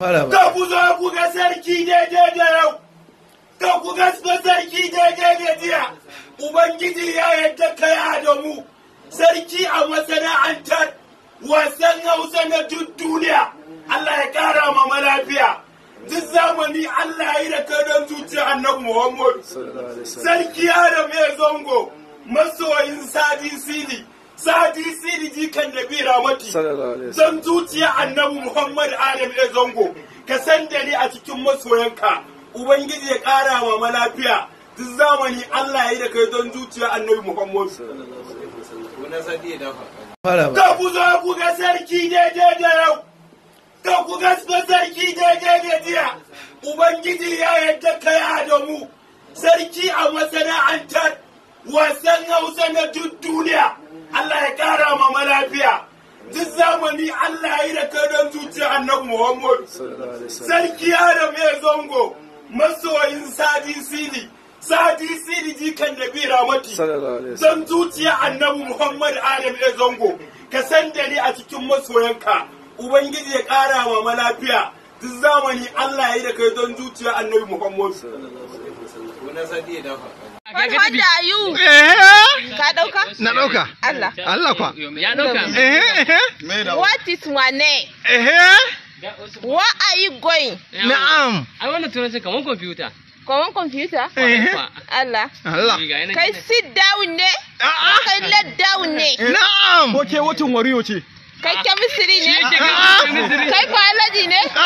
Ka ku zo ku ga sarki daidai da yau, ka ku ga sarki daidai da jiya, Ubangiji ya yadda kai Adamu, sarki a masana'antar wasan Hausa na duk duniya, Allah ya ƙara ma malafiya. Duk zamani Allah yi da kadon zuciya annabi Muhammadu. Sarki Adam ya zango, masoyin Sadi Sili, sadi siri jikan da bira mati zan zuciya annabi muhammad adam ya zango ka san da ni a cikin masoyanka ubangiji ya kara wa malafiya duk zamani allah ya yi da kai don zuciya annabi muhammad ka ku zo ku ga sarki daidai da yau ka ku ga sarki daidai da jiya ubangiji ya yadda kai adamu sarki a masana'antar wasan hausa na duk duniya Allah ya kara ma lafiya duk zamani Allah ya yi da kadon zuciya annabi Muhammad sarki Adam ya zango masoyin Sadi Sidi Sadi Sidi jikan Nabi Ramati zan zuciya annabi Muhammad Adam ya zango ka san da ni a cikin masoyanka ubangiji ya kara ma lafiya duk zamani Allah ya yi da kadon zuciya annabi Muhammad ayu. Ka dauka? Eh. Na dauka. Allah. Allah kwa. Ya dauka. Eh, eh. What is Where are you going? Na'am. I want to turn on computer. Common computer? Allah. Allah. Kai sit down ne. Ah, ah. Kai let down ne. Na'am. Ko ke watan wariyo ce? Kai chemistry ne? Ah, kai biology ne?